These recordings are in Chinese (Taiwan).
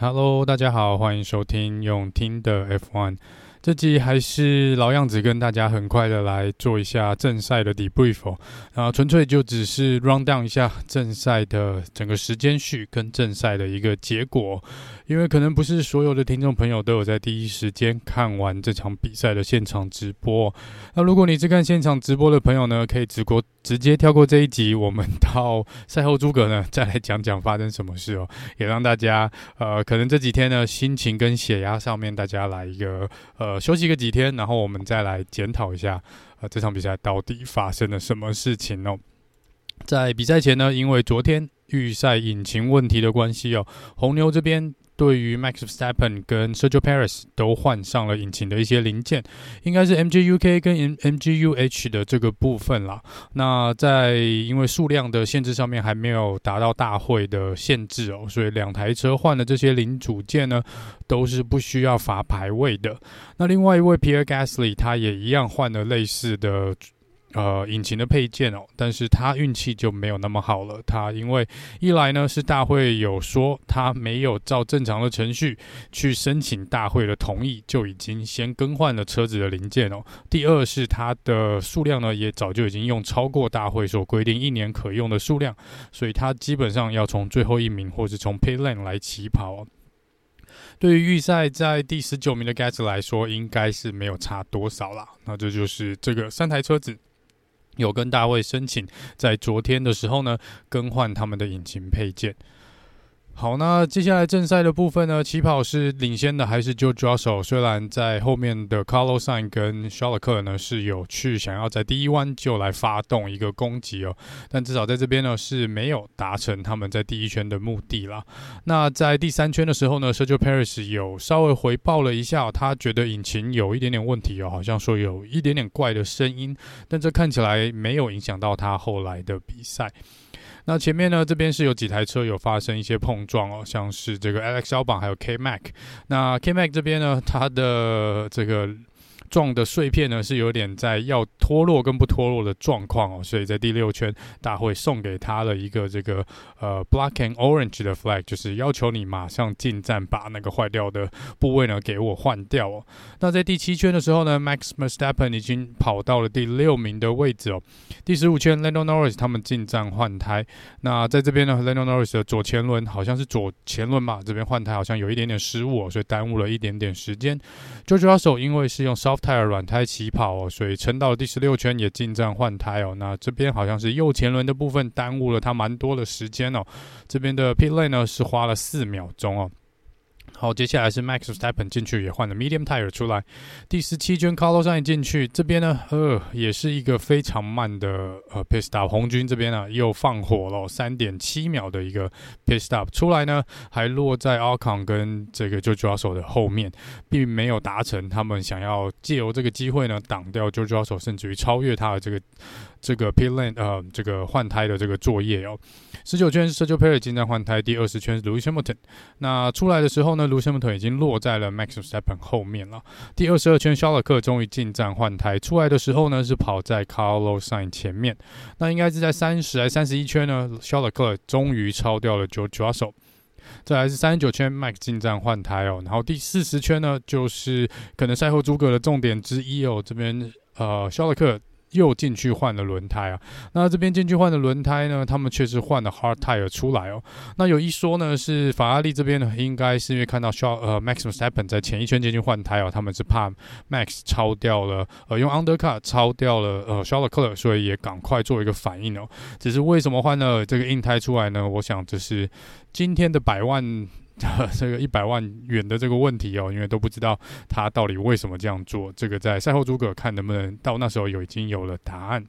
Hello，大家好，歡迎收聽用聽的 F1。這集還是老樣子，跟大家很快的來做一下正賽的 debrief，哦，那純粹就只是 run down 一下正賽的整個時間序跟正賽的一個結果，因為可能不是所有的聽眾朋友都有在第一時間看完這場比賽的現場直播哦。那如果你是看現場直播的朋友呢，可以直播直接跳過這一集，我們到賽後諸葛呢再來講講發生什麼事哦，也讓大家呃可能這幾天呢心情跟血壓上面大家來一個呃。呃，休息個幾天，然後我們再來檢討一下，呃，這場比賽到底發生了什麼事情呢，哦？在比賽前呢，因為昨天預賽引擎問題的關係哦，紅牛這邊。對於 Max Verstappen 跟 Sergio Perez 都換上了引擎的一些零件，應該是 M G U K 跟 M G U H 的這個部分啦。那在因為數量的限制上面還沒有達到大會的限制哦，所以兩台車換的這些零組件呢，都是不需要罰排位的。那另外一位 Pierre Gasly 他也一樣換了類似的。呃，引擎的配件哦，但是他運氣就沒有那麼好了。他因為一來呢，是大會有說他沒有照正常的程序去申請大會的同意，就已經先更換了車子的零件哦。第二是他的數量呢，也早就已經用超過大會所規定一年可用的數量，所以他基本上要從最後一名或是從 pit lane 來起跑哦。對於預賽在第十九名的 Gass 來說，應該是沒有差多少啦。那這就是這個三台車子。有跟大衛申請，在昨天的時候呢，更換他們的引擎配件。好，那接下來正賽的部分呢，起跑是領先的還是 George Russell 雖然在後面的 Carlos Sainz 跟 Charles 呢，是有去想要在第一彎就來發動一個攻擊哦，但至少在這邊呢是沒有達成他們在第一圈的目的啦。那在第三圈的時候呢 Sergio Perez 有稍微回報了一下，哦，他覺得引擎有一點點問題哦，好像說有一點點怪的聲音，但這看起來沒有影響到他後來的比賽。那前面呢，這邊是有幾台車有發生一些碰撞哦，像是這個 Alex Albon，還有 K Mac。那 K Mac 這邊呢，它的這個。撞的碎片呢是有點在要脫落跟不脫落的狀況哦，所以在第六圈，大會送給他了一個這個呃 black and orange 的 flag，就是要求你馬上進站把那個壞掉的部位呢給我換掉哦。那在第七圈的時候呢，Max Verstappen 已經跑到了第六名的位置哦。第十五圈，Lando Norris 他們進站換胎，那在這邊呢，Lando Norris 的左前輪好像是左前輪嘛，這邊換胎好像有一點點失誤，所以耽誤了一點點時間。George Russell 因為是用 soft 泰爾軟胎起跑哦，所以撐到了第十六圈也進站換胎哦。那這邊好像是右前輪的部分耽誤了他蠻多的時間哦。這邊的 pit lane 呢是花了四秒鐘哦。好，接下來是 Max s t e p e n 進去也換了 Medium Tire 出來，第十七圈 Carlos 進進去這邊呢，呃，也是一個非常慢的呃 p s s e Stop，紅軍這邊呢、啊、又放火了、哦，三點七秒的一個 p s s e Stop 出來呢，還落在 Alcon 跟這個 Jojo 手 s 的後面，並沒有達成他們想要借由這個機會呢擋掉 Jojo 手，s 甚至於超越他的這個這個 Pillane 呃這個換胎的這個作業哦。十九圈是 j o j Perry 進換胎，第二十圈是 Louis Hamilton，那出來的時候呢？路線摩托已經落在了 Max s t e p e n 後面了。第二十二圈，肖勒克終於進站換胎，出來的時候呢，是跑在 Carlos s a n 前面。那應該是在三十還是三十一圈呢？肖勒克終於超掉了 g e o r e r u s s e 這還是三十九圈，Max 進站換胎哦。然後第四十圈呢，就是可能賽後諸葛的重點之一哦。這邊呃，肖勒克。又進去換了輪胎啊，那這邊進去換的輪胎呢，他們確實換了 hard tire 出來哦。那有一說呢，是法拉利這邊呢，應該是因為看到 Charles 呃 Max Verstappen 在前一圈進去換胎啊，他們是怕 Max 超掉了，呃用 Undercut 超掉了呃 Charles Leclerc，所以也趕快做一個反應哦。只是為什麼換了這個硬胎出來呢？我想這是今天的百萬。這個一百萬元的這個問題哦、喔，因為都不知道他到底為什麼這樣做。這個在賽後諸葛看能不能到那時候有已經有了答案。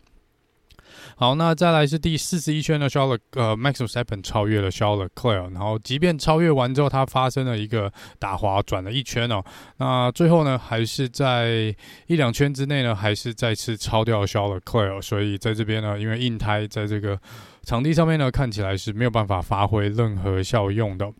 好，那再來是第四十一圈的肖勒呃 Max Verstappen 超越了肖勒 Leclerc，然後即便超越完之後，他發生了一個打滑，轉了一圈哦、喔。那最後呢，還是在一兩圈之內呢，還是再次超掉肖勒 Leclerc，所以在這邊呢，因為硬胎在這個場地上面呢，看起來是沒有辦法發揮任何效用的。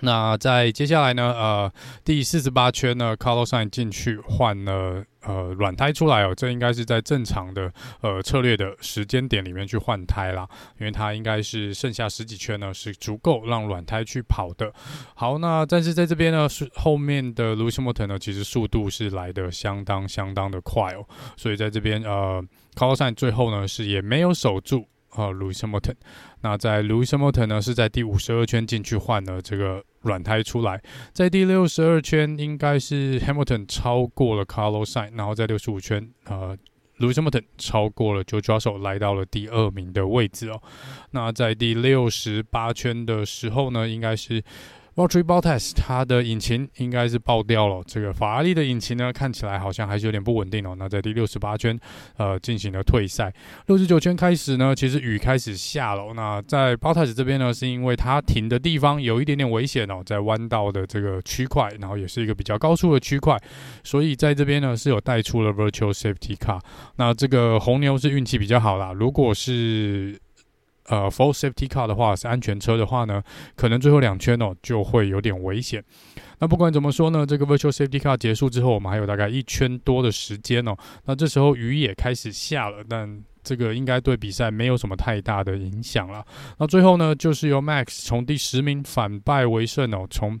那在接下來呢？呃，第四十八圈呢 Carlos Sainz 進去換了呃軟胎出來哦，這應該是在正常的呃策略的時間點裡面去換胎啦，因為它應該是剩下十幾圈呢是足夠讓軟胎去跑的。好，那但是在這邊呢，是後面的 Lewis Hamilton 呢，其實速度是來的相當相當的快哦，所以在這邊呃 Carlos Sainz 最後呢是也沒有守住。呃、啊、Louis Hamilton 那在 Louis Hamilton 呢是在第五十二圈進去換了這個軟胎出來。在第六十二圈應該是 Hamilton 超過了 Carlos Sainz, 然後在六十五圈呃 Louis Hamilton 超過了 George Russell 來到了第二名的位置哦。那在第六十八圈的時候呢應該是 Valtteri Bottas，他的引擎應該是爆掉了。這個法拉利的引擎呢，看起來好像還是有點不穩定哦。那在第六十八圈，呃，進行了退賽。六十九圈開始呢，其實雨開始下了哦。那在 Bottas 這邊呢，是因為他停的地方有一點點危險哦，在彎道的這個區塊，然後也是一個比較高速的區塊，所以在這邊呢是有帶出了 Virtual Safety Car。那這個紅牛是運氣比較好啦，如果是。呃 Full Safety Car 的話是安全車的話呢，可能最後兩圈哦，就會有點危險。那不管怎麼說呢，這個 Virtual Safety Car 結束之後，我們還有大概一圈多的時間哦。那這時候雨也開始下了，但這個應該對比賽沒有什麼太大的影響了。那最後呢，就是由 Max 從第十名反敗為勝哦，從。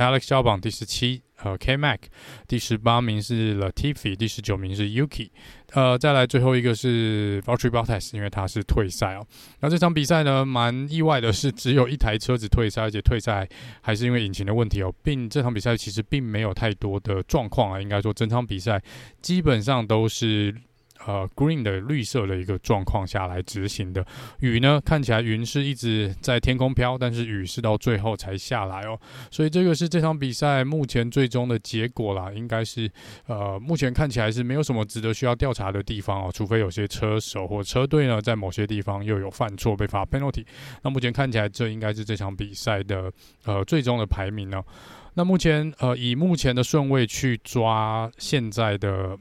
Alex 肖榜第十七、呃，呃，K Mac 第十八名是 Latifi，第十九名是 Yuki，呃，再來最後一個是 v u l t i e r Bottas，因為他是退賽哦。那這場比賽呢，蠻意外的是只有一台車子退賽，而且退賽還是因為引擎的問題哦。並這場比賽其實並沒有太多的狀況啊，應該說整場比賽基本上都是。呃，green 的綠色的一個狀況下來執行的雨呢，看起來雲是一直在天空飄，但是雨是到最後才下來哦。所以這個是這場比賽目前最終的結果啦，應該是呃，目前看起來是沒有什麼值得，需要調查的地方哦，除非有些車手或車隊呢，在某些地方又有犯錯，被罰 penalty。那目前看起來，這應該是這場比賽的呃最終的排名哦。那目前呃，以目前的順位去抓現在的。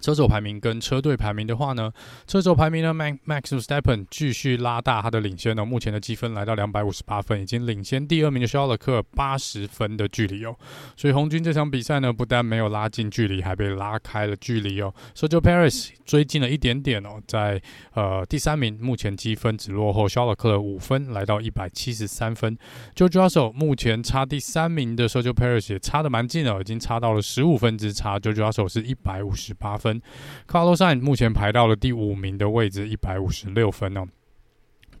車手排名跟車隊排名的話呢，車手排名呢，Max Verstappen 繼續拉大他的領先哦、喔，目前的積分來到258分，已經領先第二名的肖勒克爾80分的距離哦。所以紅軍這場比賽呢，不但沒有拉近距離，還被拉開了距離哦、喔。Sergio Perez 追近了一點點哦、喔，在呃第三名目前積分只落後肖勒克爾5分，來到173分。George Russell 目前差第三名的 Sergio Perez 也差的蠻近哦、喔，已經差到了15分之差，George Russell 是158分。卡洛斯目前排到了第五名的位置，一百五十六分哦。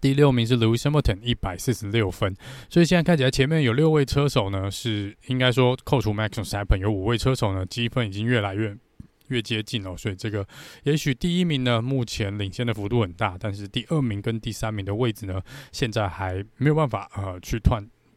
第六名是路易斯·漢密爾頓一百四十六分。所以現在看起來，前面有六位車手呢，是應該說扣除馬克斯·維斯塔潘，有五位車手呢，積分已經越來越越接近了、哦。所以這個也許第一名呢，目前領先的幅度很大，但是第二名跟第三名的位置呢，現在還沒有辦法呃去斷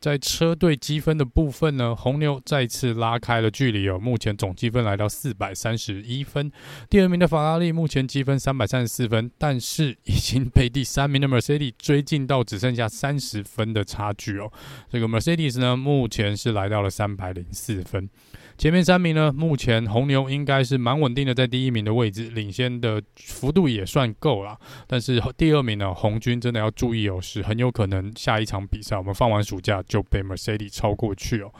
在車隊積分的部分呢，紅牛再次拉開了距離哦。目前總積分來到四百三十一分，第二名的法拉利目前積分三百三十四分，但是已經被第三名的 Mercedes 追近到只剩下三十分的差距哦。這個 Mercedes 呢，目前是來到了三百零四分。前面三名呢，目前紅牛應該是蠻穩定的在第一名的位置，領先的幅度也算夠了。但是第二名呢，紅軍真的要注意哦，是很有可能下一場比賽我們放完暑假就被 Mercedes 超過去哦。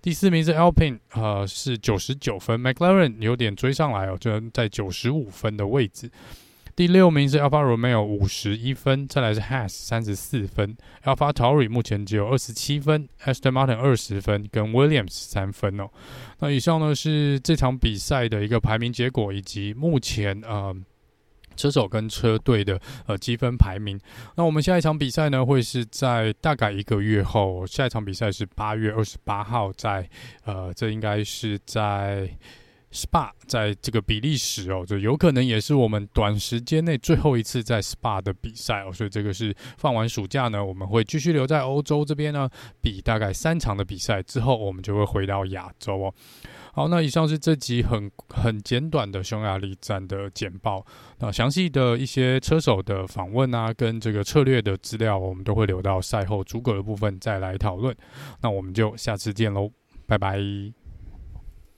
第四名是 Alpine，呃，是九十九分。McLaren 有點追上來哦，居然在九十五分的位置。第六名是 Alfa Romeo 五十一分，再來是 Haas 三十四分。AlphaTauri 目前只有二十七分，Aston Martin 二十分，跟 Williams 三分哦。那以上呢是這場比賽的一個排名結果，以及目前呃。車手跟車隊的呃積分排名。那我們下一場比賽呢，會是在大概一個月後。下一場比賽是八月二十八號在，在呃，這應該是在。SPA 在這個比利時哦，就有可能也是我們短時間內最後一次在 SPA 的比賽哦，所以這個是放完暑假呢，我們會繼續留在歐洲這邊呢，比大概三場的比賽之後，我們就會回到亞洲哦。好，那以上是這集很很簡短的匈牙利站的簡報，那詳細的一些車手的訪問啊，跟這個策略的資料，我們都會留到賽後諸葛的部分再來討論。那我們就下次見嘍，拜拜。